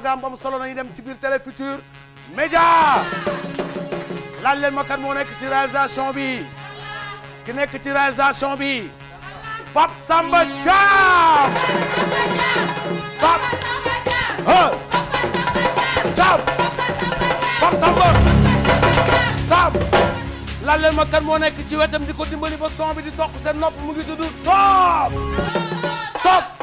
programme bu am solo nañu dem ci biir Télé Futurs Médias leen ma kan moo nekk ci réalisation bi ki nekk ci réalisation bi Pape Samba Thiam Pape ah Thiam Pape Samba Sam laaj leen ma kan moo nekk ci wetam di ko dimbali ba son bi di toq seen nopp mu ngi tudd Top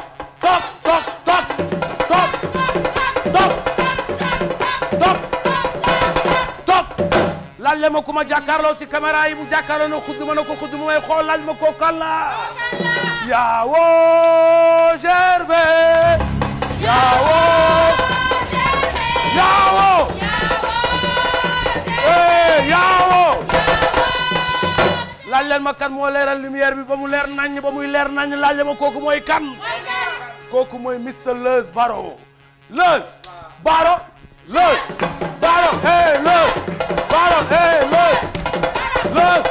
laaj ma ku ma jàkkaarloo ci caméra yi bu jàkkaarloo na xudd ma ne ko xudd ma may xool laaj ma ko kan la yaawoo gerbe yaawoo yaawoo eh, yaawoo laaj leen ma kan moo leeral lumière bi ba mu leer nañ ba muy leer nañ laaj leen ma kooku mooy kan kooku mooy Mister Leuz Baro Leuz Baro los, bottom, hey, los, bottom, hey, los, los,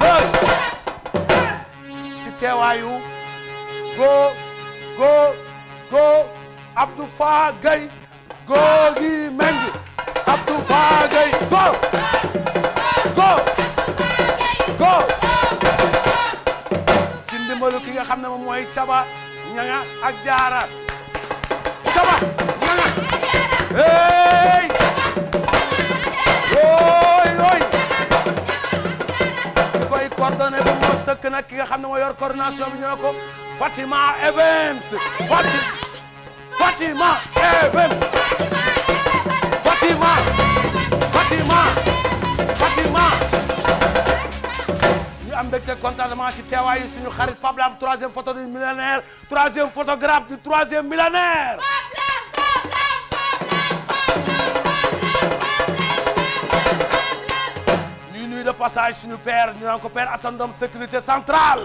los. ci teewaayu go go go Abdou Fa Gueye Gorgui Mendy Abdou Fa Gueye go go go ci ndimbalu ki nga xam ne moom mooy Caba ñanga ak Jaara coordonné bu moo sëkk ki nga xam ne moo yor coordination bi ñu ne ko Fatima Evans Fati Evans Fatima Fatima Fatima ñu am mbégte contentement ci teewaayu suñu xarit Pablam troisième photo passage suñu père ñu naan ko père Assane Ndom sécurité centrale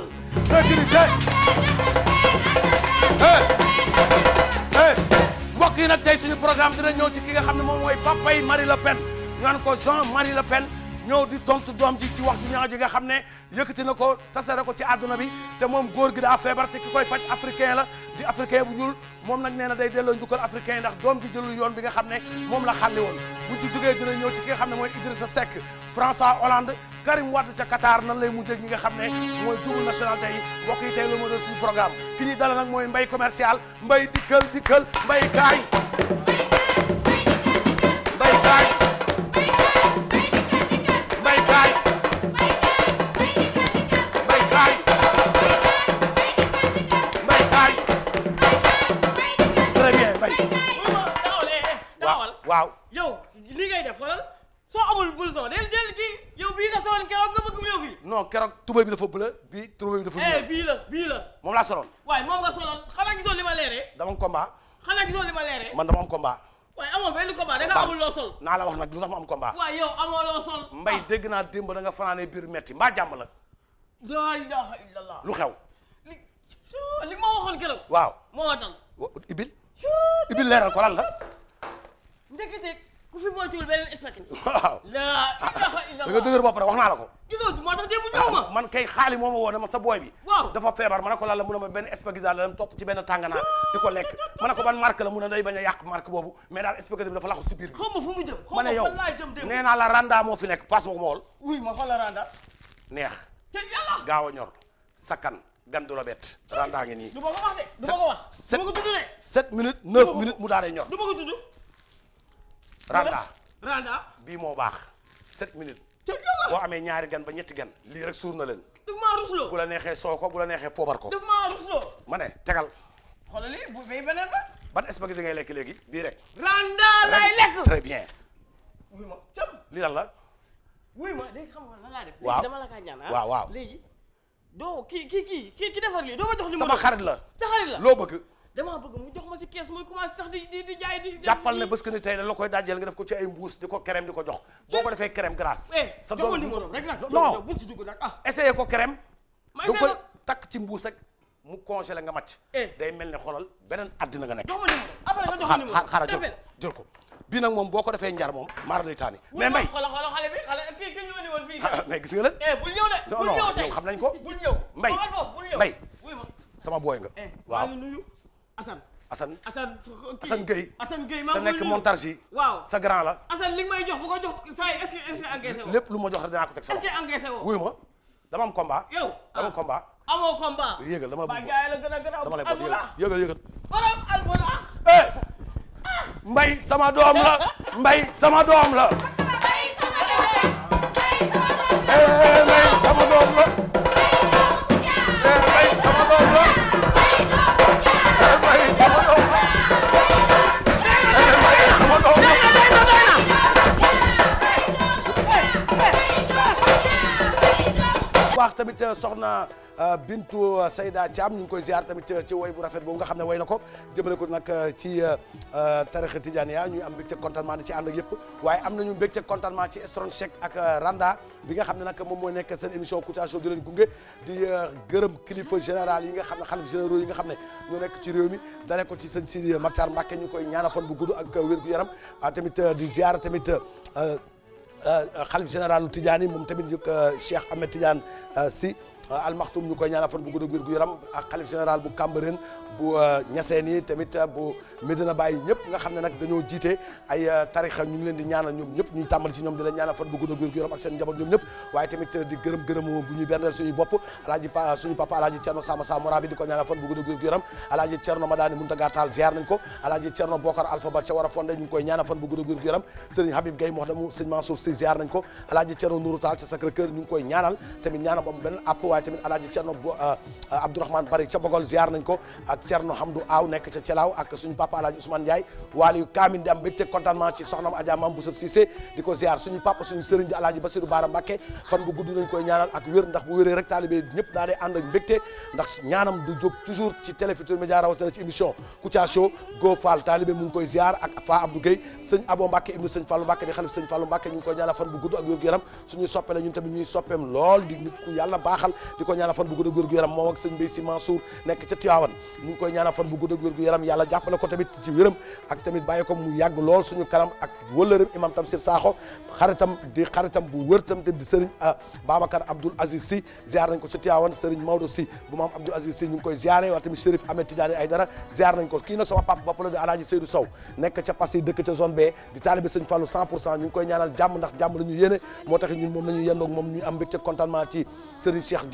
sécurité hey mbokk yi nag tey suñu programme dina ñëw ci ki nga xam ne moom mooy papay Marie Le Pen ñu naan ko Jean Marie Le Pen ñëw di tontu doom ji ci wax ju ñaaw ji nga xam ne yëkkati na ko tasare ko ci àdduna bi te moom góor gi daa feebar te ki koy faj africain la di africain bu ñuul moom nag nee na day delloo njukkal africain ndax doom ji jëlul yoon bi nga xam ne moom la xàlli woon buñ ci jógee dina ñëw ci ki nga xam ne mooy Idrissa Seck François Hollande Karim Wade ca Qatar nan lay mujjee ñi nga xam ne mooy double nationalité yi mbokk tey la moo programme ki ñuy dala nag mooy bay commercial mbay dikkal dikkal mbay kaay soo amul blouson del del kii yow bii nga soloon keroog nga bëgg mu ñëw fii. non keroog tubéy bi dafa bleu bii tubéy bi dafa. bleu eh, bii la bii la. moom laa soloon. waaye moom nga soloon xanaa gisoo li ma leeree. dama am combat. xanaa gisoo li ma leeree. man dama am combat. waaye amoo benn combat da nga amul loo sol. naa la wax nag lu tax ma am combat. waaye yow amoo loo sol. mbay dégg naa démb da nga fanaanee biir metti mbaa jàmm la. laa ilaaha illallah. lu xew. li li ma waxoon keroog. waaw moo dal. ibil. ibil leeral ko lan la. ndekete. ku fi moytuwul beneen spectacle. waaw laa ilaha illallah da nga dëgër bopp rek wax naa la ko. gisoo moo tax démb ñëw ma. man kay xaali moo ma woo ne ma sa booy bi. waaw dafa feebar ma ne ko lan la mu ne ma benn spectacle daal la topp ci benn tànganaa di ko lekk ma ne ko ban marque la mu ne day bañ a yàq marque boobu mais daal spectacle bi dafa laxu si biir bi. xaw ma fu mu jëm xaw ma fan laa jëm démb ma ne yow nee naa la randa moo fi nekk passe ma ko ma wol. oui ma xool la randa. neex. te yàlla gaaw a ñor sakkan. gan du la bett randa ngi nii. du ma ko wax de du ma ko wax. sept minutes neuf minutes mu daal di ñor. du ma ko tudd randa randa bii moo baax sept minutes boo amee ñaari gan ba ñetti gan lii rek suur na leen daf maa rusloo bu la neexee soo ko bu la neexee poobar ko daf ma ne tegal xoolal lii bu ban spaghetti ngay lekk léegi bii rek randa lay lekk lii lan la wuy ma léegi xam nga lan ah. waaw waaw doo ki kii kii kii ki defar lii doo ma jox li sama xarit la sa xarit la loo bëgg damaa bëgg mu jox ma si kees muy commencé sax di di jaay di. jàppal ne bés que ni tey la nga def ko ci ay mbuus di ko crème di ko jox. boo ko defee crème grâce. Eh, sa doom numéro rek nag. non bu si ah. ma eh. day mel ne xolal beneen àddina nga nekk. jox ma numéro après nga jox ma numéro xaaral jël ko. bii nag moom boo ko defee njar moom maar lay taani mais mbay xoolal xoolal xale bi xale fii ki ñu andi woon fii mais gis nga leen eh bul ñëw de bul ñëw tey bul ñëw sama booy nga eh, waaw Assane. Assane Assane Assane Gueye. Assane Gueye maa sa grand la. Assane li nga may jox bu ko jox saa yi est-ce que lu ma jox rek dinaa ko sa bopp est-ce ma dama am combat. yow dama am ah. combat. amoo dama la bëgg la gën eh! sama doom la Mbaye sama doom sama doom la. baax tamit euh, soxna euh, Bintu euh, Sayda Thiam ñu ngi koy ziar tamit ci woy bu rafet boobu nga xam ne woy na ko jëmale ko nag ci tarixa yaa ñuy am mbégte contentement di ci ànd yëpp waaye am ñu mbégte contentement ci Strong Cheikh ak Randa bi nga xam ne nag moom moo nekk seen émission Kouthia Show di leen gunge di gërëm kilifa général yi nga xam ne xalif généraux yi nga xam ne ñoo nekk ci réew mi dale ko ci sëñ Sidi Makhtar ñu koy ñaana fan bu gudd ak wér gu yaram ah, tamit di tamit Euh, euh, xalif général Tidiane yi moom tamit euh, Cheikh Ahmed Tidiane si Euh, almaxtum ñu koy ñaanal fan bu gudd ak wér euh, euh, ñëpp nga xam ne nag dañoo jiite ay tarixa ñu di ñaanal ñoom ñëpp ñuy tàmbali si ñoom di leen ñaanal alaaji suñu papa alaaji Cerno Taal ziar nañ ko alaaji Cerno Bokar Alpha Ba ca war a fondé ñu ngi koy ko alaaji Cerno Taal ca Sacré ñu koy ñaanal tamit ñaanal ba benn app waaye tamit alaaji Cerno euh, euh, Abdourahmane Bari ca Bogol ziar nañ ko ak Cerno Hamdu Aaw nekk ca Celaaw ak suñu papa alaaji Ousmane Ndiaye waali kaamin di am mbégte ci soxnam Adja Mam Boussa Cissé di ko ziar suñu papa suñu sëriñ di alaaji Basiru Baara Mbàkke fan bu gudd nañ koy ñaanal ak wér ndax bu wéree rek taalibé ñëpp daa dee ak mbégte ndax ñaanam du jóg toujours ci Télé Futurs Médias rawatina ci émission Kouthia Show Go Fall taalibé mu koy ziar di ko ñaanal fan bu gudd ak yaram moom ak sëñ Mbaye Sy Mansour nekk ca Tivaouane ñu ngi koy ñaanal fan bu gudd ak wér yaram yàlla jàppale ko tamit ci wéram ak tamit bàyyi ko mu yàgg lool suñu kanam ak wëllëram imam Tamsir Sakho xaritam di bu wër tam di sëriñ ah, Babacar Abdoul Aziz Sy ziar nañ ko ca Tivaouane sëriñ Maodo Sy bu maam Abdoul Aziz Sy ñu ngi koy ziaré waaye tamit Chérif Ahmed Tidiane Aïdara ziar nañ ko kii nag sama papa bopp la di Alaaji Seydou moo tax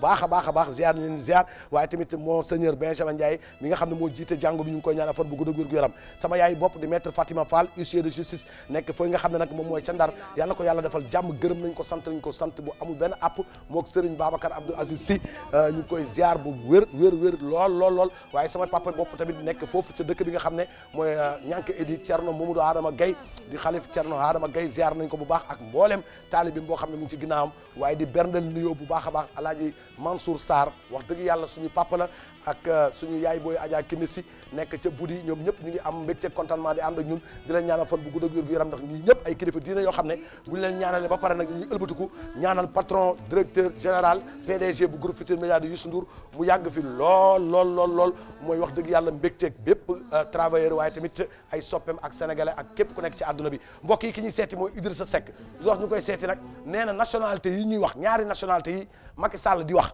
baax a baax a baax ziar leen ziar waaye tamit monseigneur Benjamin Ndiaye mi nga xam ne moo jiite jàngu bi ñu koy ñaanal fan bu gudd ak wér gu yaram sama yaay bopp di maître Fatima Fall huissier de justice nekk fooy nga xam ne nag moom mooy ca Ndar yàlla ko yàlla defal jàmm gërëm nañ ko sant nañ ko sant bu amul benn app mook Serigne Babacar Abdoul Aziz Sy euh, ñu ngi koy ziar bu wér wér lool lool lool waaye sama papa bopp tamit nekk foofu ca dëkk bi nga xam ne mooy euh, ñànk édi Thierno Mamadou Adama Gaye di xalif Thierno Adama Gaye ziar nañ ko bu baax ak mboolem taalibe bi boo xam ne mu ngi ci ginnaawam waaye di berndel nuyoo bu baax a baax alaaji Mansour saar wax dëgg yàlla suñu papa la ak euh, suñu yaay booy Adja Kinisi nekk ca buddi ñoom ñëpp ñu ngi am mbégte contentement di ànd ak ñun di leen ñaanal fan bu gudd ak wér gu yaram ndax ñii ñëpp ay kilifa diine yoo xam ne bu ñu leen ñaanalee ba pare nag dañuy ëlbatiku ñaanal patron directeur général PDG bu groupe Futurs Médias di Youssou mu yàgg fi lool lool lool lool mooy wax dëgg yàlla mbégteeg bépp euh, travailleur waaye tamit ay soppeem ak sénégalais ak képp ku nekk ci àdduna bi mbokk yi ki ñuy seeti mooy Idrissa Seck lu wax ñu koy seeti nag nee na nationalité yi ñuy wax ñaari nationalité yi Macky Sall di wax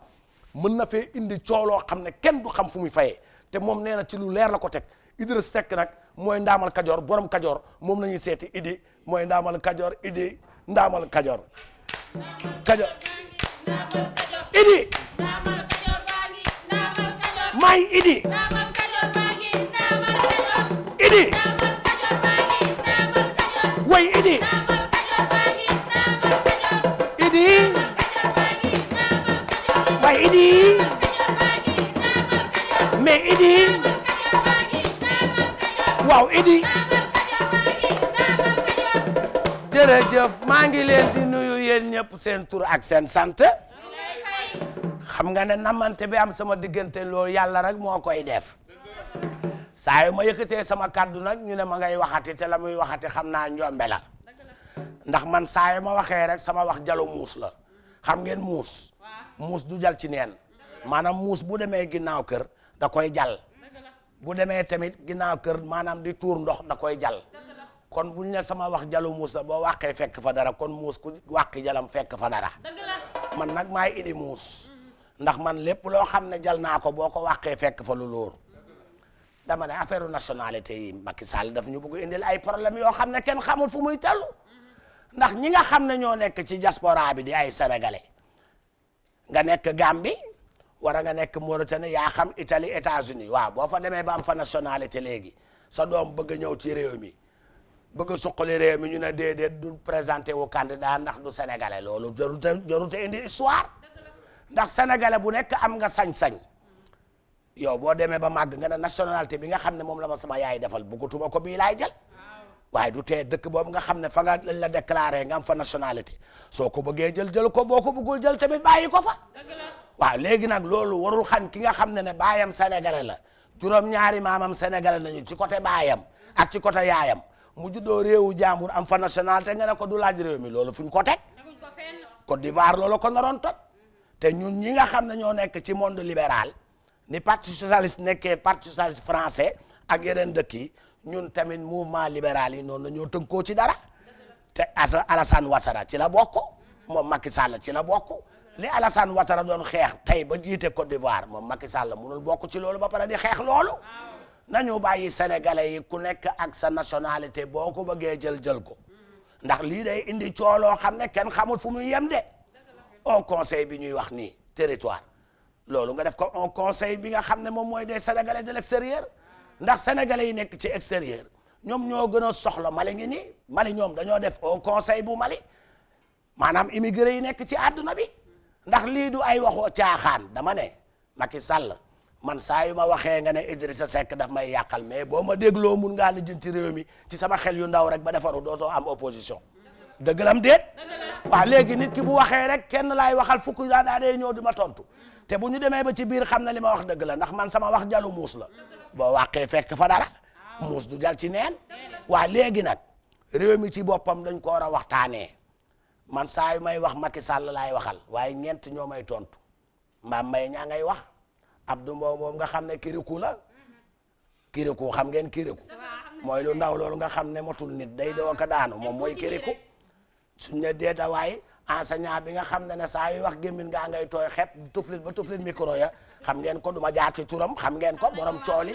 mën na fee indi cooloo xam ne kenn du xam fu muy fayee te moom nee na ci lu leer la ko teg Idriss Seck nag mooy ndaamal kajoor borom kajoor moom la ñuy seeti Idi mooy ndaamal kajoor Idi ndaamal kajoor kajoor Idi idi jërëjëf maa ngi leen di nuyu yéen ñëpp seen tur ak seen sant xam nga ne namante bi am sama diggante loo yàlla rek moo koy def saa yu ma yëkkatee sama kàddu nag ñu ne ma ngay waxati te la muy waxati xam naa njombe la ndax man saa ma waxee rek sama wax jalo muus la xam ngeen muus muus du jal ci neen maanaam muus bu demee ginnaaw kër da koy jal bu demee tamit ginnaaw kër maanaam di tuur ndox da koy jal kon buñ ne sama wax jalu muusa boo wàqee fekk fa dara kon muus ku wàqi jalam fekk fa dara man nag maay idi muus ndax man lépp loo xam ne jal naa ko boo ko wàqee fekk fa lu lóor dama ne affaire nationalité yi Macky Sall daf ñu bëgg indil ay problème yoo xam ne kenn xamul fu muy tellu ndax ñi nga xam ne ñoo nekk ci diaspora bi di ay sénégalais nga nekk Gambie war a nga nekk Mauritanie yaa xam Italie États-Unis waaw boo fa demee ba am fa nationalité léegi sa doom bëgg a ñëw ci réew mi bëgg a suqali réew mi ñu ne déedéet du présenté wu candidat ndax du sénégalais loolu jarute jarute indi histoire ndax sénégalais bu nekk am nga sañ-sañ yow boo demee ba màgg nga ne nationalité bi nga xam ne moom la ma sama yaay defal bëggatuma ko bi laay jël waaye du tee dëkk boobu nga xam ne fa nga lañ la déclaré nga am fa nationalité soo ko bëggee jël jël ko boo ko bëggul jël tamit bàyyi ko fa waaw léegi nag loolu warul xañ ki nga xam ne ne baayam sénégalais la juróom-ñaari maamam sénégalais nañu ci côté baayam ak ci côté yaayam mu juddoo réewu jaambur am fa national nga ne ko du laaj réew mi loolu fu ñu ko teg Côte d'Ivoire loolu ko naroon toj te ñun ñi nga xam ne ñoo nekk ci monde libéral ni parti socialiste nekkee parti socialiste français ak yeneen dëkk yi ñun tamit mouvement libéral yi noonu la ñoo tënkoo ci dara te Alassane Ouattara ci la bokk moom Macky Sall ci la bokk li Alassane Ouattara doon xeex tey ba jiite Côte d'Ivoire moom Macky Sall munul bokk ci loolu ba pare di xeex loolu nañu bàyyi sénégalais yi ku nekk ak sa nationalité boo ko bëggee jël jël ko ndax lii day indi cooloo xam ne kenn xamul fu muy yem de au conseil bi ñuy wax nii territoire loolu nga def ko au conseil bi nga xam ne moom mooy des sénégalais de l'extérieur ndax sénégalais yi nekk ci extérieur ñoom ñoo gën a soxla Mali ngi nii Mali ñoom dañoo def au conseil bu Mali maanaam immigré yi nekk ci àdduna bi. ndax lii du ay waxoo caaxaan dama ne maki Sall man saa yu ma waxee nga ne Idrissa Seck daf may yàqal mais boo ma dégloo mun ngaa lijjanti réew mi ci sama xel yu ndaw rek ba defaru dootoo am opposition dëgg lam déet waaw léegi nit ki bu waxee rek kenn laay waxal fukk daa daa dee ñëw di ma tontu te bu ñu demee ba ci biir xam na li ma wax dëgg la ndax man sama wax jalu muus la boo wàqee fekk fa dara muus du jal ci neen waa léegi nag réew mi ci boppam dañ ko war a waxtaanee man saa yu may wax Macky Sall laay waxal waaye ñeent ñoo may tontu mbaam may ñaa ngay wax Abdou Mbow moom nga xam ne kiriku la kiriku xam ngeen kiriku mooy lu ndaw loolu nga xam ne motul nit day doo ko daanu moom mooy kiriku suñ ne deeta waaye enseignant bi nga xam ne ne saa yu wax gémmin ngaa ngay tooy xep tuflit ba tuflit micro ya xam ngeen ko du ma jaar ci turam xam ngeen ko borom cooli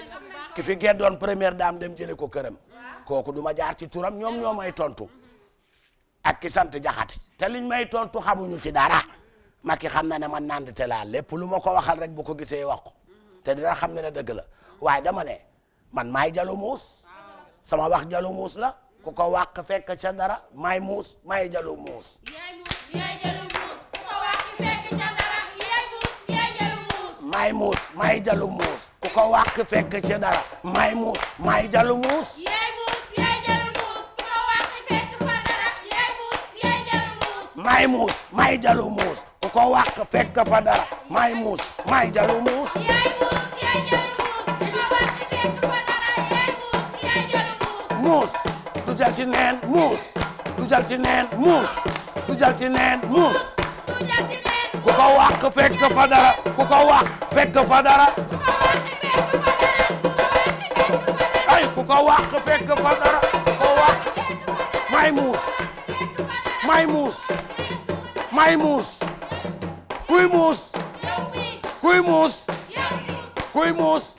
ki fi geddoon première dame dem jële ko këram kooku du ma jaar ci turam ñoom ñoo may tontu ak ki sant jaxate te liñ may tontu xamuñu ci dara Macky xam na ne man nand te laa lépp lu ma ko waxal rek bu ko gisee wax te dina xam ne ne dëgg la waaye dama ne man maay jalu muus sama wax jalu muus la ku ko wàq fekk ca dara maay muus maay jalu muus maay muus maay jalu muus ku ko wàq fekk ca dara maay muus maay jalu muus maay muus maay jalu muus ku ko wàq fekk fa dara maay muus maay jalu muus muus du jal ci neen muus du jal ci neen muus du jal ci neen muus ku ko wàq fekk fa dara ku ko wàq fekk fa dara ay ku ko wàq fekk fa dara ku ko wàq maay muus maay muus may muus kuy muus kuy muus kuy muus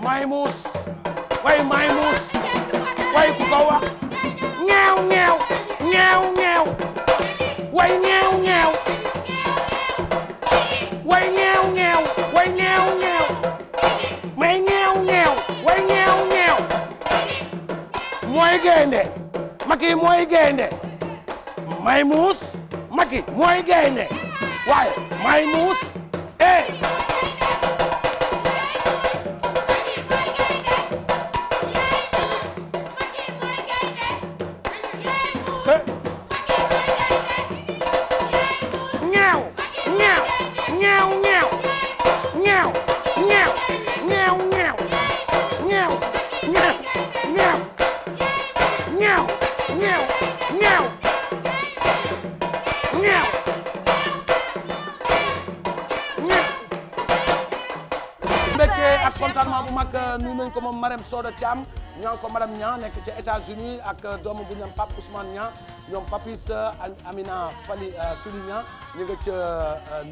may muus way may muus way ku ko wax ñeew ñeew ñeew ñeew way ñeew ñeew way ñeew ñeew way ñeew ñeew may ñeew ñeew way ñeew ñeew mooy gaynde maki mooy gaynde may muus Macky mooy gaynde waaye maay muus ak contentement bu mag euh, nu nañ ko moom Marème Soda Thiam ñaan ko madame Niang nekk ci États-Unis ak euh, doomu bu ñam Pape Ousmane Niang ñoom Papis euh, Amina Fali Fili Niang ñu nga ca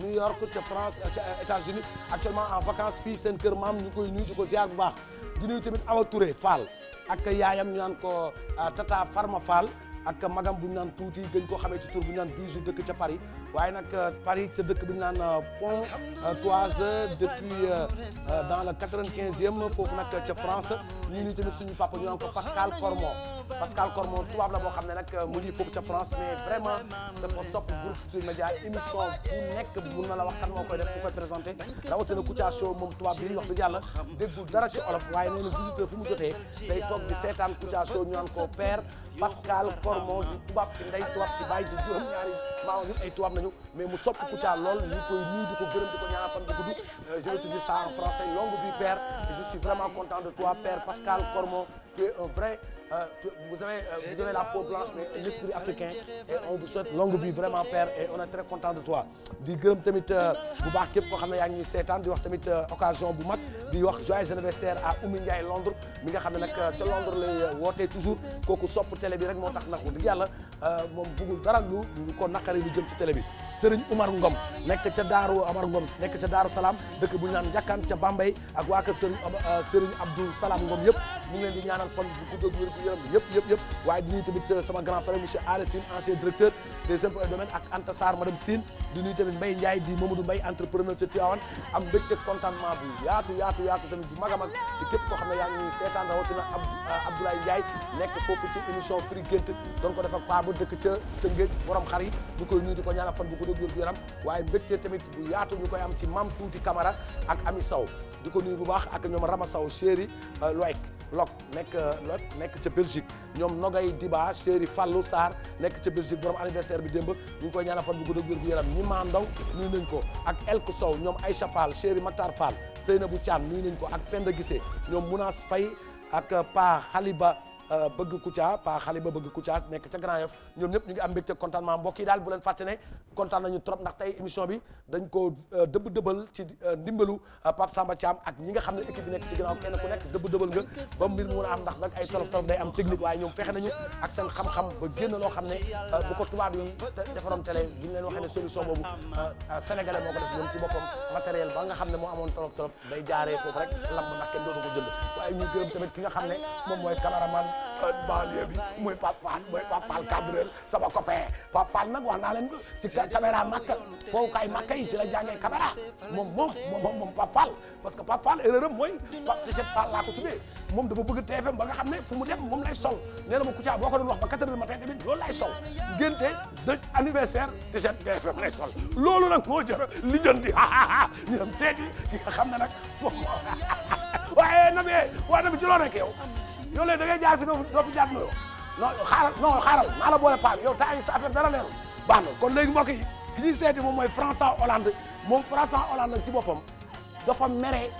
New York ca France ca États-Unis actuellement en vacance fii seen kër maam ñu koy nuyu di ko ziar bu baax di nuyu tamit Awa Touré Fall ak yaayam ñu naan ko Tata Farma Fall ak magam bu ñu naan tuuti gën koo xamee ci tur bu ñu naan Bijou dëkk ca Paris waaye nag euh, Paris ca dëkk bu ñu naan euh, Pont euh, Toise depuis dans le quatre-vingt-quinzième foofu nag ca France ñu ni tamit suñu papa ñu naan ko Pascal Cormon Pascal Cormon tubaab la boo xam ne nag mu ngi foofu ca France mais vraiment dafa sopp groupe Futurs Médias émission bu nekk mun na la wax kan moo koy def ku koy présenté rawatina Kouthia Show moom tubaab bi wax dëgg yàlla déggul waaye nee na mu jotee day toog di seetaan Kouthia ñu naan ko père Pascal Cormon di tubaab ci ndey tubaab ci bàyyi di juróom ñaari maam ñun ay tubaab nañu mais mu sopp Kouthia lool ñu koy nuyu di ko gërëm di ko ñaanal fan bu gudd euh, je vais te dire ça en français longue vie père je suis vraiment content de toi père Pascal Cormon tu es un vrai Euh, vous avez euh, vous avez la peau blanche mais l'esprit africain et on vous souhaite longue vie vraiment père et on est très content de toi di gërëm tamit euh, bu baax képp koo xam ne yaa ngi ñuy seetaan di wax tamit occasion bu mag di wax joyeux anniversaire a Oumy Ndiaye Londres mi nga xam ne nag ca Londres lay wootee toujours kooku sopp télé bi rek moo tax nag wax dëgg yàlla moom bëggul dara lu ko naqari lu jëm ci télé bi Serigne Umar Ngom nekk ca Daaru Umar Ngom nekk ca Daaru Salaam dëkk bu ñu naan Njakkaan ca Bambey ak waa kër Serigne euh, Serigne Abdou Salaam Ngom yëpp mu ngi di ñaanal fan bu gudd ak wér gu yëpp yëpp yëpp waaye di nuyu tamit euh, sama grand frère monsieur Alé Sine ancien directeur des impôts et domaines ak Anta Sarr madame Sine di nuyu tamit Mbaye Ndiaye di Mamadou Mbaye entrepreneur ca Tivaouane am mbégte contentement bu yaatu yaatu yaatu tamit bu mag a mag ci képp koo xam yaa ngi ñuy seetaan rawatina euh, Abdoulaye Ndiaye nekk foofu ci bu bu dee wér gu yaram waaye mbégte tamit bu yaatu ñu koy am ci mam tuuti Camara ak Ami Sow di ko nuyu bu baax ak ñoom Rama Sow chéri euh, Loïc Lok nekk euh, Lok nekk ca Belgique ñoom Nogay Diba chéri Fallou Sarr nekk ca Belgique borom anniversaire bi ba ñu ngi koy ñaanal fan bu gudd ak wér gu yaram ñi maandaw nuyu nañ ko ak Elk Sow ñoom Aïcha Fall chéri Matar Fall Seynabou Thiam nuyu nañ ko ak a Gissé ñoom Mounas Faye ak euh, Pa Khaliba Euh, bëgg Kouthia pa xale ba bëgg Kouthia nekk ca Grand Yoff ñoom ñëpp ñu ngi am mbégte contentement mbokk yi daal bu leen fàtte ne kontaan nañu trop ndax tey émission bi dañ ko euh, dëbb dëbal ci euh, ndimbalu Pape Samba Thiam ak ñi nga xam ne équipe bi nekk ci ginnaaw kenn ku nekk dëbb dëbal nga ba mbir mu mën a am ndax nag ay tolof tolof day am technique waaye ñoom fexe nañu ak seen xam-xam ba génn loo xam ne bu ko tubaab yi defaroon télé bu ñu leen waxee ne solution boobu sénégalais moo ko def ñoom ci boppam nga xam ne moo amoon tolof tolof day jaaree foofu rek lamb ndax kenn dootu ko tamit ki nga xam ne moom mooy cameraman banlieue bi mooy Pape Fall mooy Pape Fall cadreur sama copain Pape Fall nag wax naa leen ci caméra kay makka yi ci la jàngee caméra moom moom moom moom Pape Fall parce que Pape Fall erreur am mooy Pape Tichet Fall laa ko tuddee moom dafa bëgg TFM ba nga xam ne fu mu def moom lay sol nee na ma Kouthia boo ko doon wax ba 4 heures du matin tamit loolu lay sol ngénte dëj anniversaire Tichet TFM lay sol loolu nag moo jëra li jënti ñu dem seeti ñi nga xam ne nag waaye na bi wa na yow léegi da ngay jaar fi doo fi jaar loolu non xaaral non xaaral maa la boole Paa yow temps yi sa affaire dara leerul baax na kon léegi mbokk yi ñuy seeti moom mooy François Hollande moom François Hollande ci boppam dafa mere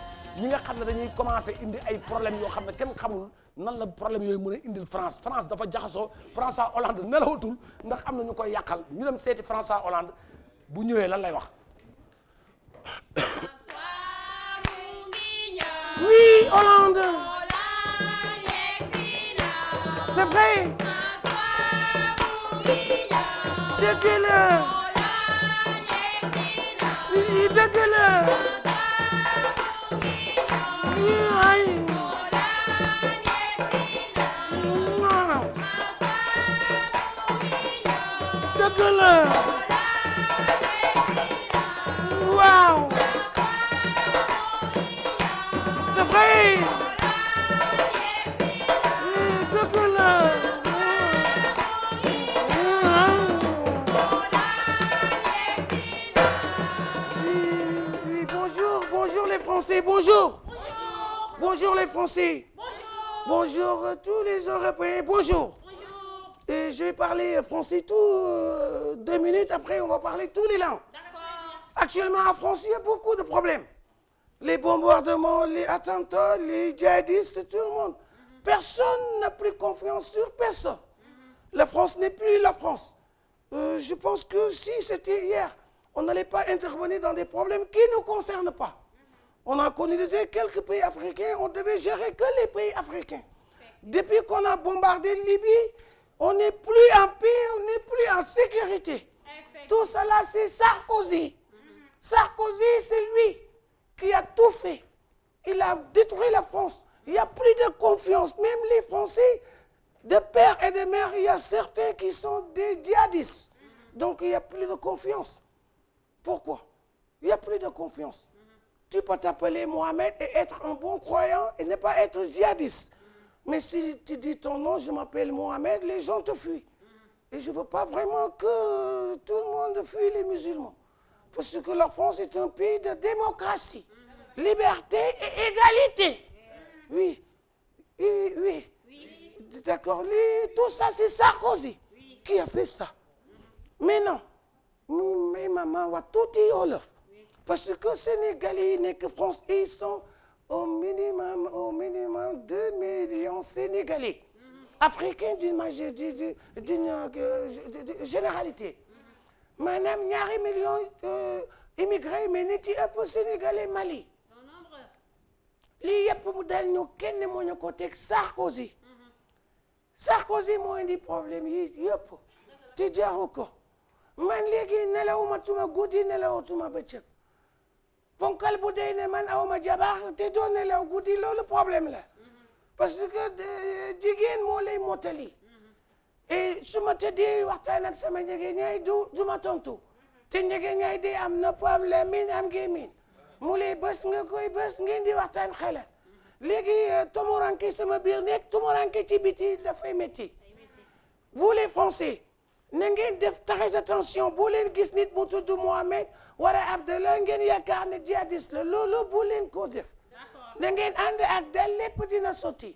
ñi nga xam ne dañuy commencé indi ay problème yoo xam ne kenn xamul nan la problème yooyu mën a indil France France dafa jaxasoo François Hollande nelawatul ndax am na ñu koy yàqal ñu dem seeti François Hollande bu ñëwee lan lay wax. C'est vrai. Dégale. bonjour. Bonjour. Bonjour les Français. Bonjour. Bonjour tous les Européens. Bonjour. Bonjour. Et je vais parler français tout euh, deux minutes. Après, on va parler tous les langues. Actuellement, en France, il y a beaucoup de problèmes. Les bombardements, les attentats, les djihadistes, tout le monde. Personne n'a pris confiance sur personne. Mm-hmm. La France n'est plus la France. Euh, je pense que si c'était hier, on n'allait pas intervenir dans des problèmes qui ne nous concernent pas. on a colonisé quelques pays africains on devait gérer que les pays africains depuis qu'on a bombardé Libye on n'est plus en paix on n'est sécurité tout cela c'est Sarkozy mm-hmm. Sarkozy c'est lui qui a tout fait il a détruit la France il n'y a plus de confiance même les Français de père et de mère il y a certains qui sont des djihadistes mm-hmm. donc il n'y a plus de confiance pourquoi il n'y a plus de confiance Tu peux t'appeler Mohamed et être un bon croyant et ne pas être djihadiste. Mais si tu dis ton nom, je m'appelle Mohamed, les gens te fuient. Et je ne veux pas vraiment que tout le monde fuit les musulmans. Parce que la France est un pays de démocratie, liberté et égalité. Oui, et, oui, oui. D'accord, tout ça, c'est Sarkozy qui a fait ça. Mais non, mais maman va tout dire au parce que Sénégalais nekk France ils sont au minimum au minimum deux millions Sénégalais mm-hmm. euh, généralité mm-hmm. maanaam ñaari millions euh, immigrés mais nit ci ëpp Sénégalais Mali lii yëpp mu dal ñu kenn moo teg Sarkozy mm-hmm. Sarkozy moo indi problème yi yëpp te jaru ko man léegi nelawuma tuma guddi nelawatuma bëccëg ponkal bu dey ne man awma jabar te doon nelaw guddi loolu problème la parce que euh, jigéen moo lay mottali et su ma waxtaan ak sama njege ñaay du du tontu te njege ñaay day am nopp am làmmiñ am gémmiñ mu lay bës nga koy bës ngeen di waxtaan xalaat léegi euh, tumuranke sama biir nekk tumuranke ci biti dafay métti vous Français na ngeen def très attention boo leen gis nit mu tudd Mohamed wala Abdallah ngeen yaakaar ne jihadiste la loolu boo leen ko def na ngeen ànd ak dal lépp dina sotti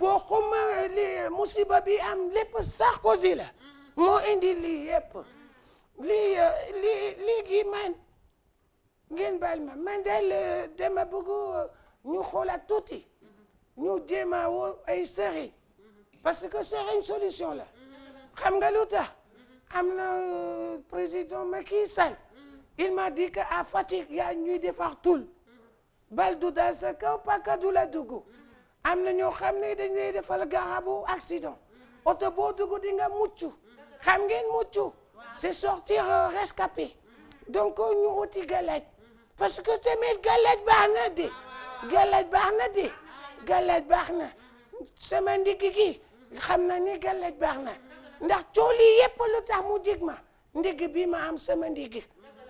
boo xuma eh, li musiba bi am lépp Sarkozy la mm-hmm. moo indi lii yépp lii lii lii ngeen baal ma man daal eh, dama bëgg eh, ñu xoolaat tuuti mm-hmm. ñu jéem a woo ay sëriñ mm-hmm. parce que sëriñ solution la nga lu am na président Macky Sall il m'a dit que ya Fatick y a ñuy defar tul bal du dal sa kaw paka du la dugg am na ñoo xam ne dañ lay defal garabu accident oto boo dugg di nga mucc xam ngeen mucc c'est sortir euh, rescapé donc euh, ñu uti galaj parce que tamit galaj baax na de galaj baax na de galaj baax na xam na ni galaj baax na ndax cooli yépp lu mu jig ma ndigg bi ma am sama ndigg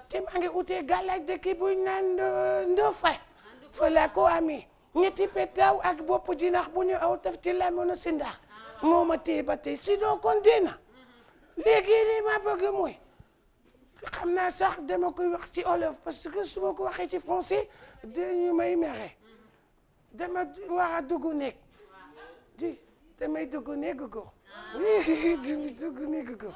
te maa ngi utee gàllaaj dëkki buy naan ndofay fa laa ko amee ñetti petaaw ak bopp jinax bu ñu aw taf la lamono si ndax moo ma ba tey si doo kon dina léegi li ma bëgg mooy xam naa sax dama koy wax ci olof parce que su ma ko waxee ci français dañu may mere dama war a dugg néeg di damay dugg néeg góor damay jóg nekk ko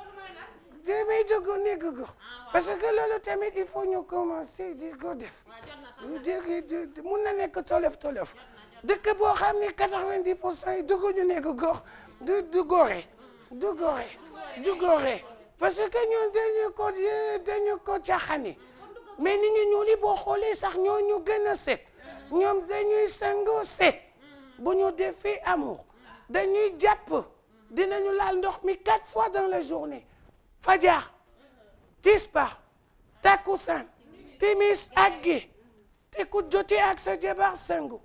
damay jóg nekk parce que loolu tamit il faut ñu commencer di ko def mun na nekk tolof tolof dëkk boo xam ni quatre-vingt-dix pour cent yi dugg ñu nekk gox du du góore du góore du góore parce que ñun dañu ko dañu ko mais nit ñu ñuul boo xoolee sax ñoo ñu gën a set ñu ñoom dañuy sangoo set bu ñu defee amour dañuy jàpp dinañu laal ndox mi quatre fois dans la journée fajar tisbaar takkusaan timis ak ge te ku jotee ak sa jabar sangu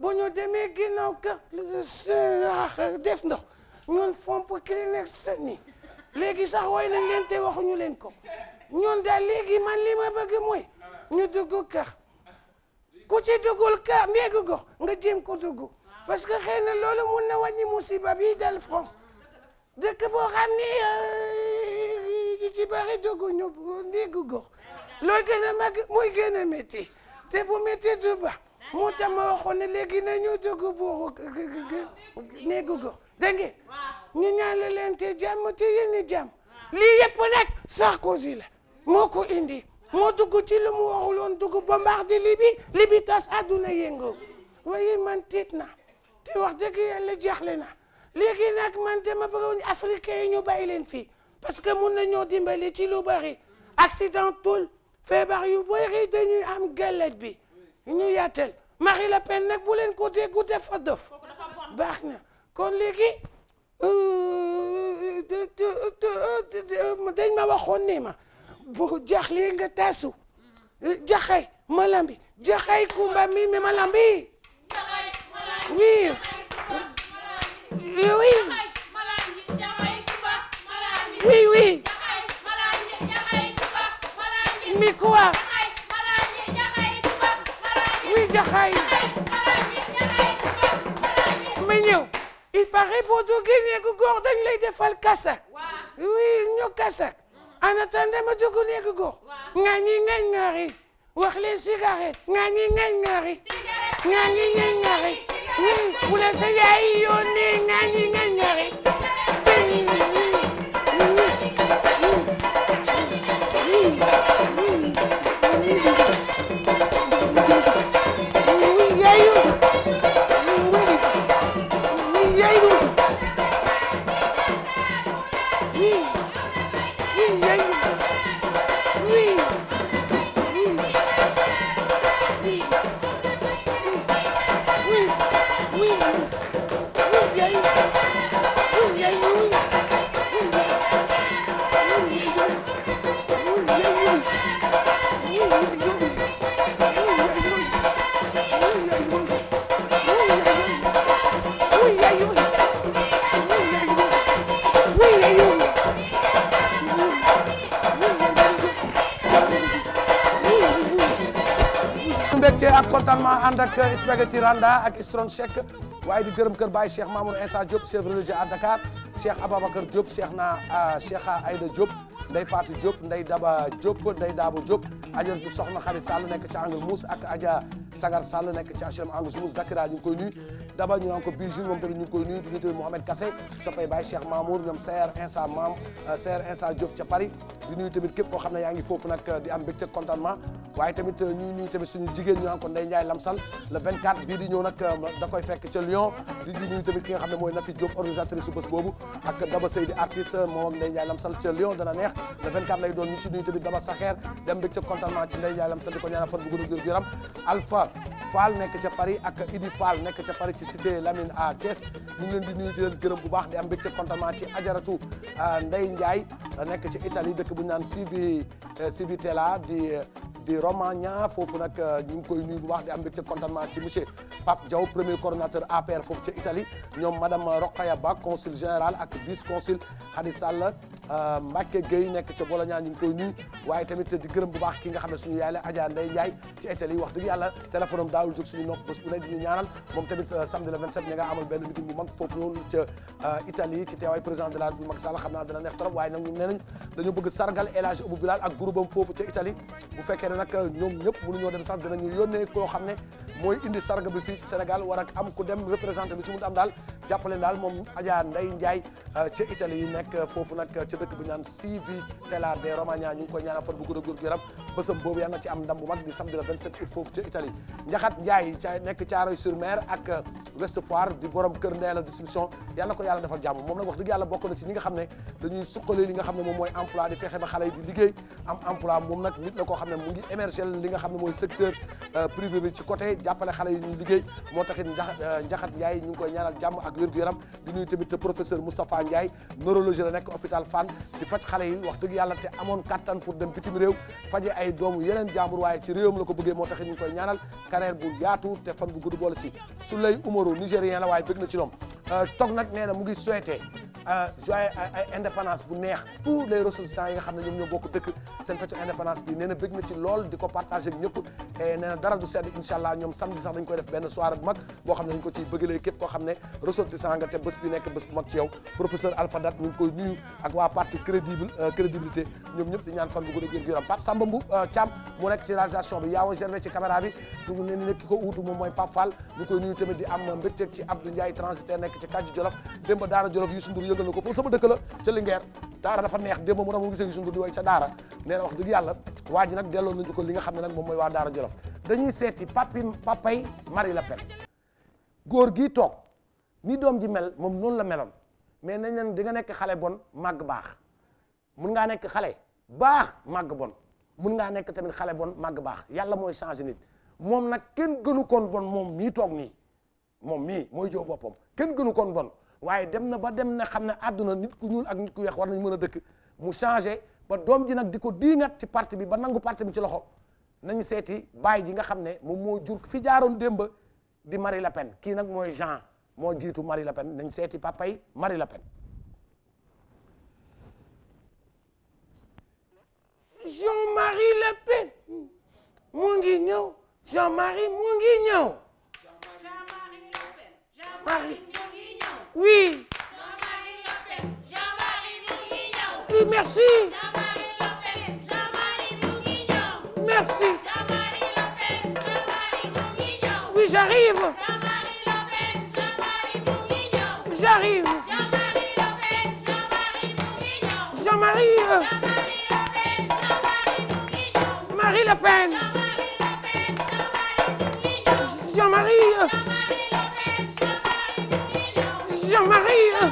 bu ñu demee ginnaaw kër def ndox ñun fomp clinique sëni léegi sax way nañ leen te waxuñu leen ko ñun daal léegi man li ma bëgg mooy ñu dugg kër ku ci duggul kër néegu gox nga jéem ko dugg parce que xëy loolu mun na wàññi musiba bi dal France dëkk boo xam ni yi euh, ci bari jóguñu néegu gox looy gën a mag muy gën a métti te bu métti du ba moo tax ma waxoon ne léegi nañu jóg booru néegu gox dégg ngeen leen te jàmm te yéen i jàmm lii yëpp nag Sarkozy la moo ko indi moo dugg ci lu mu waxuloon dugg bombardé libi libi tas àdduna yëngoo waaye man tiit na te wax dëgg yàlla jaaxle na léegi nag man dama bëggoon africain yi ñu bàyyi leen fii parce que mun nañoo dimbali ci lu bari accidentul feebar yu bari dañuy am gallet bi ñu yaatal Marie Le Pen nag bu leen ko déggu dafa dof baax na kon léegi euh, dañ ma waxoon ni ma bu jaxlee nga taasu jaxay malam bi jaxay kumba mi mi malam oui oui. mi kuwa. oui jaxaay. ma ñëw. il paraît boo doo génnee gu góor dañ lay defal kasak. oui ñu kasak. en attendant ma dugg néegu góor. nga ñi ngañ ngaari. wax leen cigarette. nga ñi ngañ ngaari. nga ñi ngañ ngaari. oui bu la sa yaay yónnee ŋaañi nga spaghetti randa ak strong shake waaye di gërëm kër Baye Cheikh Mamour Insa Diop chef religieux à Dakar Cheikh Ababacar Diop euh, Cheikh na Cheikha Aïda Diop Ndey Fatou Diop Ndey Daba Diop Ndey Dabo Diop Ajaratu Soxna Xari Sall nekk ci Angle Mousse ak Adja Sagar Sall nekk ci HLM Angle Mousse Zakira ñu ngi koy nuyu daba ñu naan ko bijou moom tamit ñu ngi koy nuyu di nuyu tamit Mouhamed Kassé ñoom Seer Insa Mam euh, ca Paris di nuyu tamit képp koo xam ne yaa ngi foofu nag euh, di am mbégte contentement waaye tamit euh, ñuy tamit suñu jigéen ñu naan ko Ndeye Ndiaye Lamsal le 24 bii di ñëw nag da koy fekk ca Lyon di nuyu tamit ki nga xam ne mooy Nafi Diop organisatrice su bés boobu ak Daba Seydi artiste moom ak Ndeye Ndiaye Lamsal ca Lyon dana neex le 24 lay doon Fall nekk ca Paris i Idi Fall nekk ca Paris ci cité Lamine à Thiès ñu ngi leen di nuyu di leen gërëm bu baax di am mbégte contentement ci ajaratu euh, Ndeye Ndiaye nekk ci Italie dëkk bu ñu naan Sibi Sibitella euh, di euh, di Romagna foofu nag euh, ñu ngi koy nuyu bu baax di am mbégte contentement ci monsieur Pape Diaw premier coordonnateur APR foofu ca Italie ñoom madame Rokhaya Ba consul général ak vice consul Khady Sall euh, Mbacke Gueye nekk ca Bologna ñu ngi koy nuyu waaye tamit di gërëm bu baax ki nga xam ne suñu yaay la Adja Ndeye Ndiaye ci Italie wax dëgg yàlla téléphone am daawul jóg suñu nopp bés bu ne di ñu ñaanal moom tamit euh, samedi le 27 ña nga amal benn meeting bu mag foofu noonu ca Italie ci teewaay président de la République Macky Sall xam naa dana neex trop waaye nag ñun nee nañ dañoo bëgg sargal El Hadji Abou Bilal ak groupe am foofu ca Italie bu fekkee ne nag ñoom ñëpp mënuñoo dem sax danañu yónnee koo xam ne mooy indi sarga bi fii Sénégal war am ku dem représenté bi su mun daal jàppale daal moom Adja Ndeye Ndiaye euh, ca Italie nekk foofu nag ca dëkk bi naan Civitella de Romagna ñu ngi koy ñaanal fan bu gudd a guur yaram bésam boobu yàlla ci am ndam mag di samedi le 27 août foofu ca Italie Njaxat Ndiaye nekk Thiaroye sur ak euh, West Foire di borom kër Ndeela distribution yàlla na ko yàlla defal jàmm moom na di émerger li nga xam ne mooy secteur euh, privé bi ci côté jàppale xale yi ñuy liggéey moo taxit Ndiakhate euh, Ndiaye ñu ngi koy ñaanal jàmm ak wér-gu-yaram di nuyu tamit professeur Moustapha Ndiaye neurologie la nekk hôpital Fann di faj xale yi wax dëgg yàlla te amoon kattan pour dem bitim réew faje ay doomu yeneen jàmbur waaye ci réewam la ko bëggee moo taxit ñu ngi koy ñaanal carrière bu yaatu te fan bu gudd boole ci Souley Umaru nigérien la waaye bëgg na ci ñoom euh, toog nag nee na mu ngi souhaité joyeux indépendance bu neex tous les ressortissants yi nga xam ne ñoom ñoo bokk dëkk seen fetu indépendance bi nee na bëgg na ci lool di ko partagé ak ñëpp nee na dara du sedd incha allah ñoom samedi sax dañ koy def benn soirée bu mag boo xam ne dañ ko ciy bëggalee képp xam ne ressortissant nga te bés bi nekk bés bu mag ci yow professeur Alpha Dat koy nuyu ak waa parti crédible euh, crédibilité ñoom ñëpp di ñaan fan bu gudd ak yaram Pape Samba euh, bi yaawo gervé ci caméra bi su yëgal na ko pour sama dëkk la ca Linguère daara dafa neex démb mu ne ma gisee suñu di way ca daara nee na wax dëgg yàlla waa ji nag delloo nañu ko li nga xam ne nag moom mooy waa daara Jolof dañuy seeti góor gii toog ni doom ji mel moom noonu la meloon mais nañ leen di nga nekk xale bon màgg baax mun ngaa nekk xale baax màgg bon mun ngaa nekk tamit xale bon màgg baax yàlla mooy changé nit moom nag kenn gënu koon bon moom mii toog nii moom mii mooy jow boppam kenn gënu koon bon waaye dem na ba dem na xam ne àdduna nit ku ñuul ak nit ku war nañ mën a dëkk mu changé ba doom ji nag di ko diingat ci parti bi ba nangu parti bi ci loxo nañu seeti baay ji nga xam ne moom moo jur fi jaaroon démb di Marie Le Pen kii nag mooy Jean moo jiitu Marie Le seeti papa yi Marie Le Pen. Jean-Marie Le Pen mu ngi ñëw Jean-Marie mu ngi ñëw. Oui. Oui, merci. Merci. Oui, j'arrive. J'arrive. Jean-Marie. Jean-Marie Le Pen. Marie Le Pen. Maria.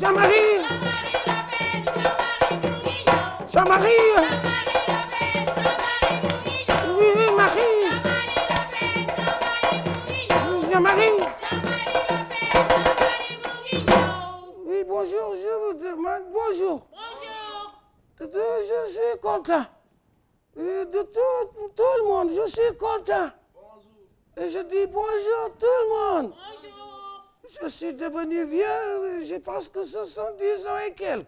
Jean Maria. Jean Maria. Oui, oui, Marie. Jean Marie. Oui, bonjour, je vous demande bonjour. Bonjour. Je suis content. De tout, tout le monde, je suis content. Et je dis bonjour tout le monde. Bonjour. je suis devenu vieux, je pense que 70 ans et quelques.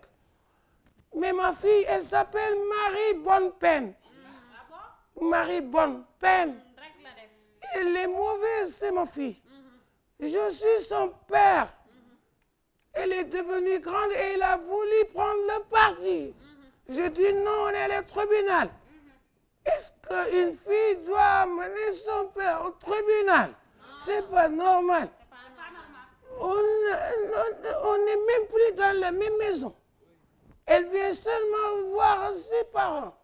ma fille, elle s'appelle Marie Bonnepeine. Ah Marie Bonnepeine. Elle est mauvaise, c'est ma fille. Je suis son père. Elle est devenue grande et elle a voulu prendre le parti. Je dis non, on est au Est-ce qu'une fille doit amener son père au tribunal? C'est pas normal. on, on, n'est même plus dans la même maison. Elle vient seulement voir ses parents.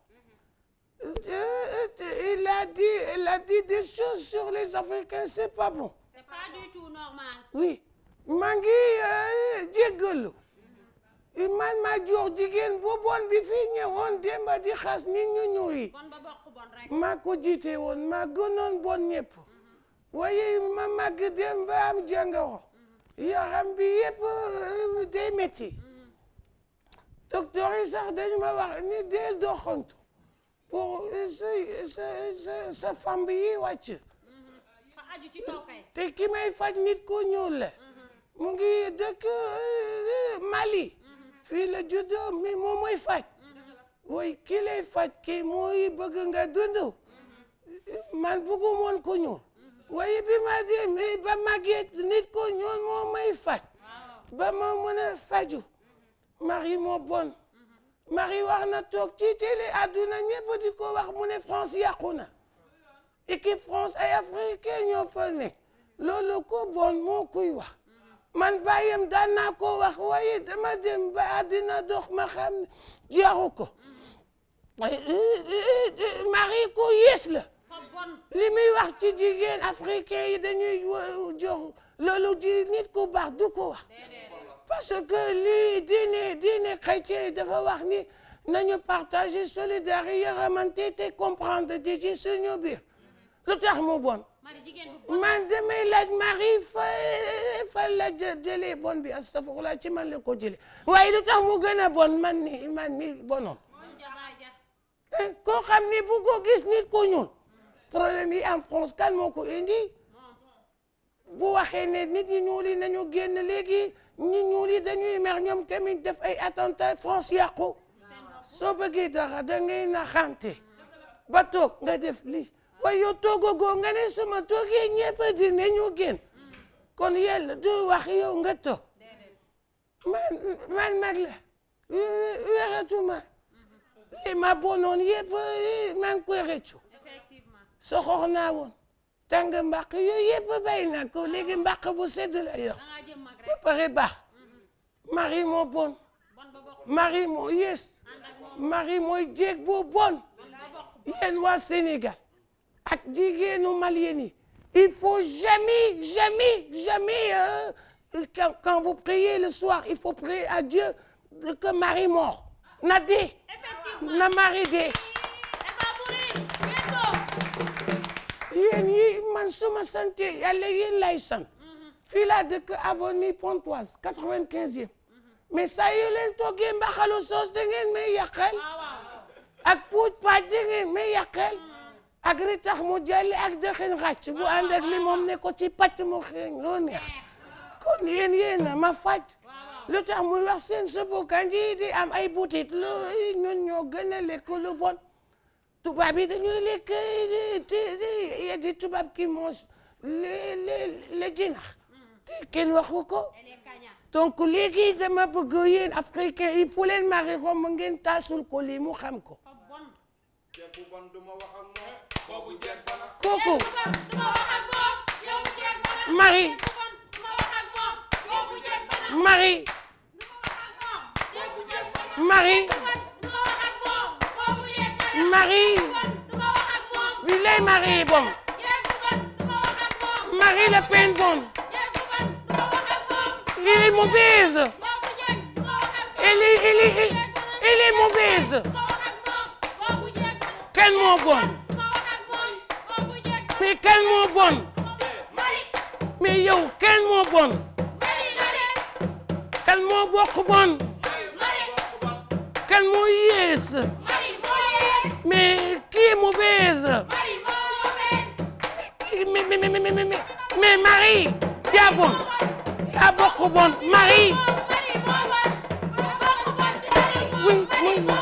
Euh, euh, il dit, il dit des choses sur les Africains, c'est pas bon. C'est pas du tout normal. man maa jox jigéen bu bi fii ñëwoon démba di xas nit ñu ñuul ko jiite woon maa gënoon bon ñëpp. Mhm. waaye ma màgg démba am jàngoro. yoo xam bi yëpp euh, day métti docteur yi sax dañu ma wax pour euh, sa sa yi wàcc te ki faj nit ku ñuul mhm. mu ngi dëkk euh, Mali mhm. fii la juddoo mi moom faj mhm. woy ki faj kii mooy bëgg nga dund man bëggu moon ku ñuul waaye bi ma demee ba màgget nit ko ñoon moo may faj ba ma mën a faju mari moo bon mari wax na toog ci télé àdduna ñëpp di ko wax mu France yàqu na équipe France africain ñoo fa nekk loolu ko bon moo kuy wax man bàyyam daan ko wax waaye dama dem ba àddina dox ma xam jaru ko mm. mari ko yées la li muy wax ci jigéen africain yi dañuy jox loolu ci nit ku baax du ko wax parce que lii diine diine chrétien dafa wax ni nañu partager solidarité yërmande te comprendre di ci suñu biir lu tax mu bon man damay laaj Marie fa fa la jëlee bon bi astafurlah ci man la ko jëlee waaye lu tax mu gën bon man ni man mi bonoon eh, koo xam ni bu ko gis nit ku ñuul problème yi en France kan moo ko indi bu waxee ne nit ñi ñuul yi nañu génn léegi ñi ñuul yi dañuy mer ñoom tamit def ay attentat France yàqu soo bëggee dara da na naxante ba toog nga def li waaye yow toogagoo nga ne suma toogee ñëpp di ne ñu génn kon yàlla du wax yow nga toog man mag la wératuma li ma bonoon yëpp eh, maa ngi koy rëccu soxor naa woon tàng mbàq yooyu yëpp bàyyi naa ko léegi mbàq bu sedd la yor ba pare baax mari moo bon mari moo yées mari mooy jéeg boo bon yéen waa Sénégal ak jigéenu Malien yi il faut jamais jamais jamais euh, quand vous priez le soir il faut prier à Dieu que mari mort na dee na mari dee yéen yi man suma sante yàlla yéen lay sant fii laa dëkk avenue Pontoise quatre-vingt-quinzième mais saa yu leen toggee mbaxalu soos da ngeen may yàqal ak puuj paaj da ngeen may yàqal ak ritax mu jàlli ak dëxin xàcc bu ànd li moom ne ko ci pàcc mu xeeñ loo neex kon yéen yéen a ma faj lu tax muy wax seen sëbu kanji di am ay butit lu ñun ñoo gën a lekk lu bon tubaab yi dañuy lekk y a des tubaab mm. qui mangent les les les jinax te kenn waxu ko li léegi dama bëgg yéen africain il faut leen mari ko mu ngeen taasul ko lii mu xam ko kooku mari mari mari Marie bilay Marie bon Marie Le Pen bon elle est mauvaise elle est elle est elle est mauvaise kan moo bon mais kan moo bon mais yow kan moo bon kan moo bokk bon kan moo yées Mais qui est mauvaise Marie, mauvaise Mais, mais, mais, mais, mais, mais, mais Marie yaa bon yaa bokk bon Marie Oui, oui, oui.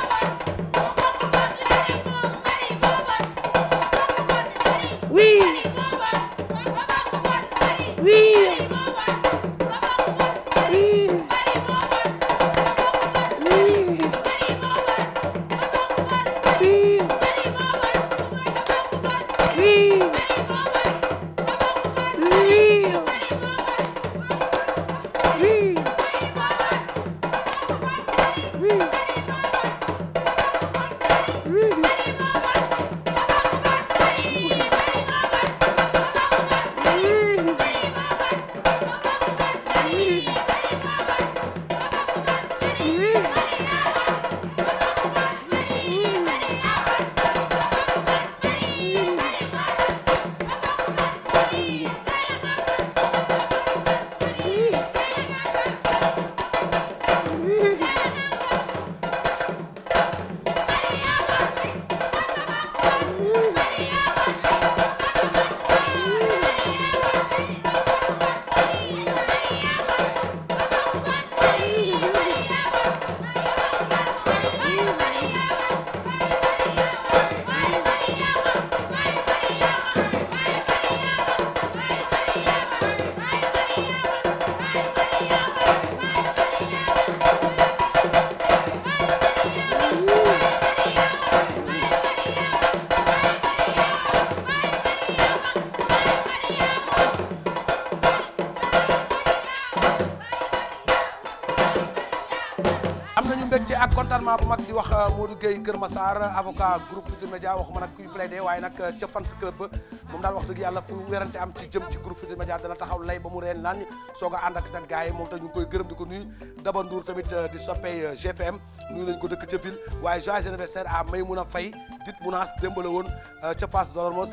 Gueye Kër Massar avocat groupe Futurs Médias waxuma nag kuy plaidé waaye nag ca fans club ba daal wax dëgg yàlla fu werante am ci jëm ci groupe Futurs Médias dana taxaw lay ba mu reen naan soog a ànd ak nag gars yi moom tax koy gërëm di ko nuyu Daba tamit euh, di soppee euh, GFM nuyu nañ ko dëkk ca ville waaye joyeux anniversaire à Maymouna fay dit Mounas démb la woon euh, ca Fass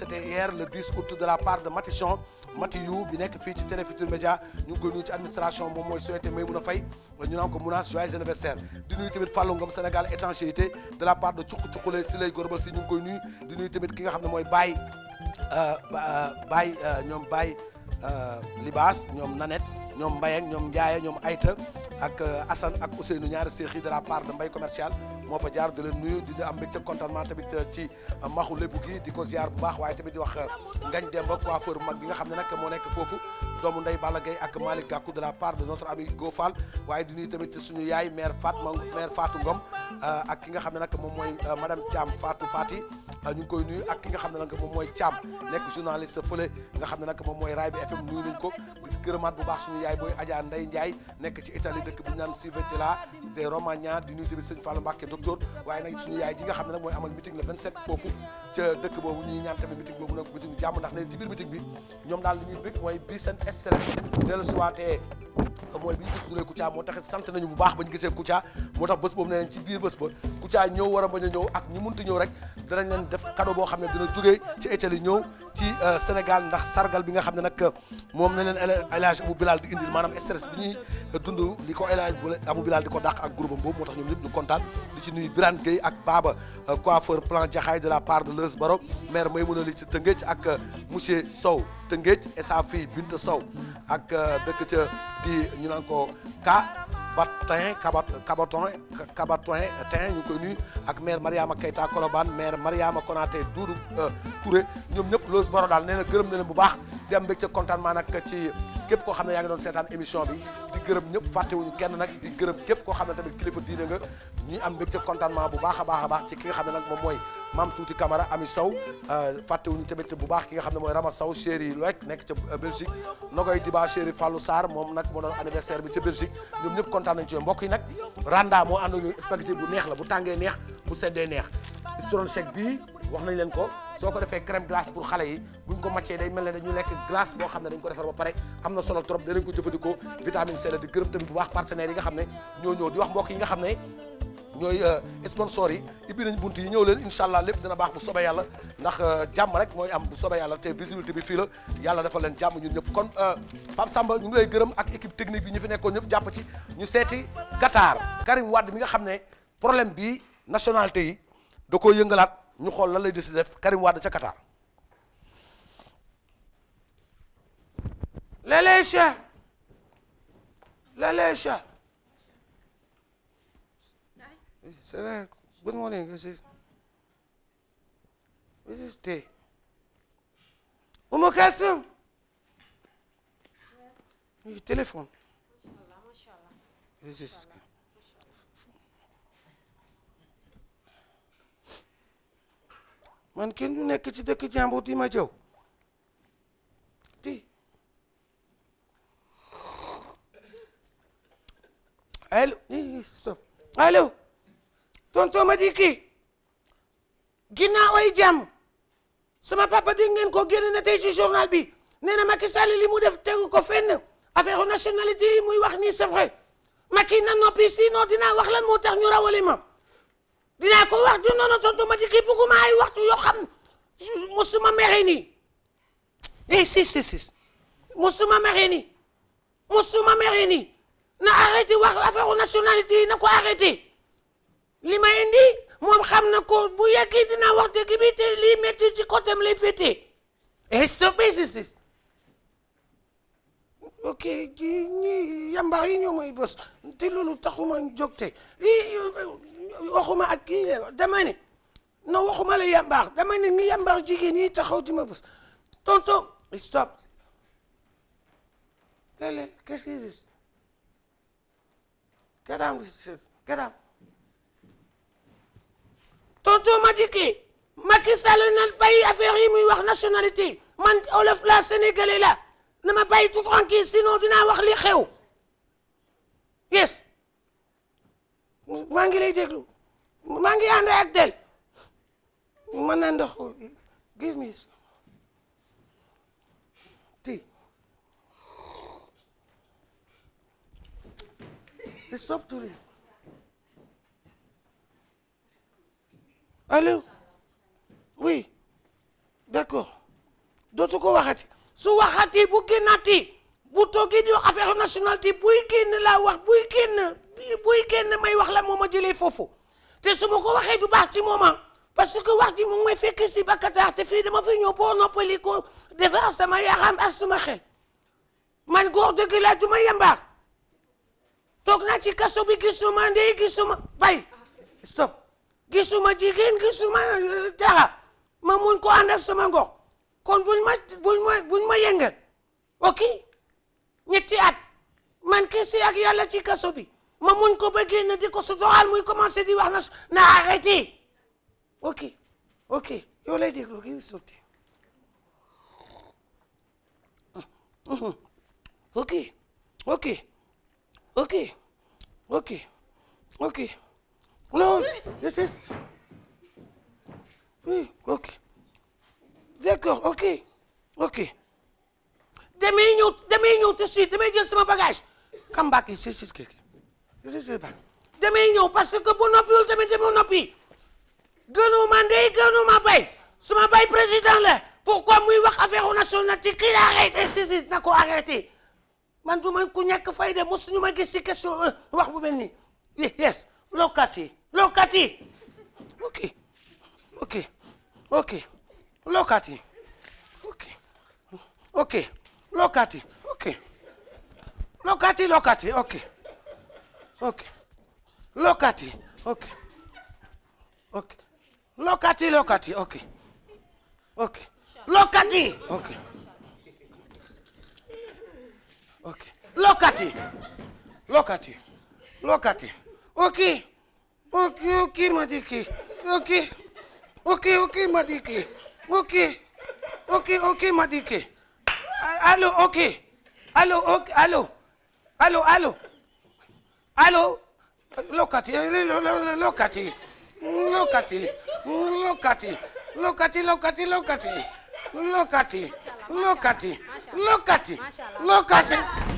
hier le 10 de la part de Matichon Mathieu bi nekk fii ci Télé Futurs Médias ñu koy nuyu ci administration moom mooy souhaité Maymouna Faye ñu naan ko Mounas joyeux anniversaire di nuyu tamit Fallou Ngom Sénégal étanchéité de la part de Cuq Cuqule si lay Gorbal si ñu koy nuyu di nuyu tamit ki nga xam ne mooy Baye euh, euh, Baye euh, ñoom Baye Euh, Libaas ñoom Nanette ñoom Mbaye ak ñoom Ndiaye ñoom Ayta ak euh, Assane ak Ousseynou ñaari seex yi de la part de Mbaye commercial moo fa jaar di leen nuyu di am mbégte contentement tamit euh, ci maxu lébu gi di ko ziar bu baax waaye tamit di wax ngañ Demba coiffeur bu mag bi nga xam ne nag moo nekk foofu. doomu ndey Balla Gaye ak Malick Gakou de la part de notre ami Go Fall waaye di nuyu tamit suñu yaay mère Fatma mère Fatou Ngom euh, ak ki nga xam ne nag moom mooy euh, madame Thiam Fatou Fati euh, ñu ngi koy nuyu ak ki nga xam ne nag moom mooy Thiam nekk xam ne nag moom mooy Raay bi FM nuyu nañ ko di bu baax suñu yaay booy Adja Ndeye Ndiaye nekk ci Italie dëkk bu ñu naan Civetella de Romagna di nuyu tamit sëñ Fallou Mbacke docteur waaye nag suñu yaay ji nga xam ne nag mooy amal meeting le 27 foofu dëkk boobu ñuy ñaan tamit meeting boobu nag stress dellu si waatee mooy bi ñu gis Souley Kouthia moo taxit sant nañu bu baax ba ñu gisee Kouthia moo tax bés boobu ne leen ci biir bés ba Kouthia ñëw war a a ñëw ak ñu munti ñëw rek danañ leen def cadeau boo xam ne dina jógee ci Italie ñëw ci euh, Sénégal ndax sargal bi nga xam ne nag euh, moom ne leen El Hadj Abou Bilal di indil maanaam stress bi ñuy dund li ko El Hadj Abou Bilal di ko dàq ak groupe am boobu moo tax ñoom ñëpp ñu kontaan di ci nuyu Birane Gueye ak Baba euh, coiffeur plan Jaxaay de la part de Leus Baro maire Maymouna li ci Tëngéej monsieur Sow Tëngéej et sa fille Binta Sow ak euh, dëkk ca di ñu naan ko ka Batin Kabat Kabaton Kabaton Tin ñu koy nuyu ak maire Mariama Keita Kolobane maire Mariama Konaté du euh, Touré ñoom ñëpp loos boro daal nee na gërëm na leen bu baax di am mbégte contentement nag ci képp koo xam ne yaa ngi doon seetaan émission bi di gërëm ñëpp fàttewuñu kenn nag di gërëm képp koo xam ne tamit kilifa diine nga ñuy am mbégte contentement bu baax a baax a baax ci ki nga xam ne nag moom mooy maam tuuti Camara ami Sow euh, fàttewuñu tamit bu baax ki nga xam ne mooy Rama Sow chéri Loek nekk ca Belgique Nogoy Diba chéri Fallou Sarr moom nag moo doon anniversaire bi ca Belgique ñoom ñëpp kontaan nañ mbokk yi nag Randa moo ànd ñu spaghetti bu neex la bu tàngee neex bu seddee neex strong shake bii wax nañ leen ko soo ko defee crème glace pour xale yi buñ ko màccee day mel ne dañu lekk glace boo xam ne dañ ko defar ba pare am na solo trop danañ ko jëfandikoo vitamine C la di gërëm tamit bu baax nga xam ne ñoo ñëw di wax mbokk yi nga xam ne ñooy euh, sponsor yi ibbi nañ bunt yi ñëw leen incha allah lépp dina baax bu sobe yàlla ndax euh, jàmm rek mooy am bu sobe yàlla te visibilité bi fii la yàlla dafa leen jàmm ñu ñëpp kon euh, Pape Samba ñu ngi lay gërëm ak équipe technique bi ñu fi nekkoon ñëpp jàpp ci ñu seeti Qatar Karim Wade mi nga xam ne problème bi nationalité yi da koo yëngalaat ñu xool lan lay décidé def Karim Wade ca Qatar lele cha Sir, good morning. He says, this is day. Umu Kasim! Yes. Your telephone. This is. man kenn du nekk ci dëkk jàmbur ti allo stop tonton Madické ginnaaw ay jàmm sama papa dégg ko génn na tey ci journal bi nee na Macky Sall li mu def tegu ko fenn affaire nationalité yi muy wax nii c'est vrai Macky na noppi sinon dinaa wax lan moo tax ñu rawale ma dinaa ko wax du noonu tonton Madické bugguma ay waxtu xam musuma mere nii eh si musuma mere nii musuma mere nii na arrêté wax affaire nationalité yi na ko arrêté li ma indi moom xam na ko bu yàggee dinaa wax dëgg bi te lii métti ci côté lay féetee it's the business ok yamba yi ñoo may bës te loolu taxuma jóg tey waxuma ak kii dama ne non la yambaax dama ne ni yambaax jigéen ñi taxaw di ma bës tonton stop lele qu'est-ce que c'est tonton Madické Macky Sall na bàyyi affaire muy wax nationalité man olof la sénégalais la na ma bàyyi tout tranquille sinon dinaa wax li xew yes maa ngi lay déglu maa ngi ànd ak del mën naa ndox give me tea stop allo oui d'accord dootu ko waxati su waxati bu génnati bu toogee di wax affaire nationalité buy génn laa wax buy génn buy génn may wax la mooma jëlee foofu te su ma ko waxee du baax ci mooma parce que wax ji moom mooy fekk si bakkataar te fii dama fi ñëw boo noppali ko defar sama yaram ak sama xel man góor dëgg laa du ma yembaar toog naa ci kaso bi gisuma ndey gisuma bay gisuma jigéen gisuma euh, dara ma mun ko ànd ak sama kon buñ ma buñ ma buñ ma yëngal ok ñetti at man kese ak yàlla ci kaso ma mun ko ba génn di ko su muy commencé di wax na na arrêté ok ok yow lay déglu sotti ok ok ok ok No, this is. Oui, ok. D'accord, ok. Ok. Damay ñëw damay ñëw tout de suite damay jël sama bagage. Come back ici, ici, ici. Ici, ici, back. damay ñëw parce que bu noppiwul tamit dama noppi. gënuma ndey gënuma bay. suma bay président la. pourquoi muy wax affaire nationalité kii la arrêté si na ko arrêté. man du man ku ñàkk fayda mosuñu ma gis question wax bu mel nii. yes, Look at it. Okay. Okay. Okay. Look at it. Okay. Okay. Look at it. Okay. Look at it. Look at it. Okay. Okay. Look at it. Okay. Okay. Look at it. Look at it. Okay. Okay. Look at it. Okay. Okay. Look at it. Look at it. Look at it. Okay. Okey okey Madiki. Okey. Okey okey Madiki. Okey. Okey okey Madiki. Allo okey. Allo okey allo. Allo allo. Allo. Look at it. Look at it. Look at it. Look at it. Look at it. Look at it. Look at it. Look at it. Look at it. Look at it. Look at it.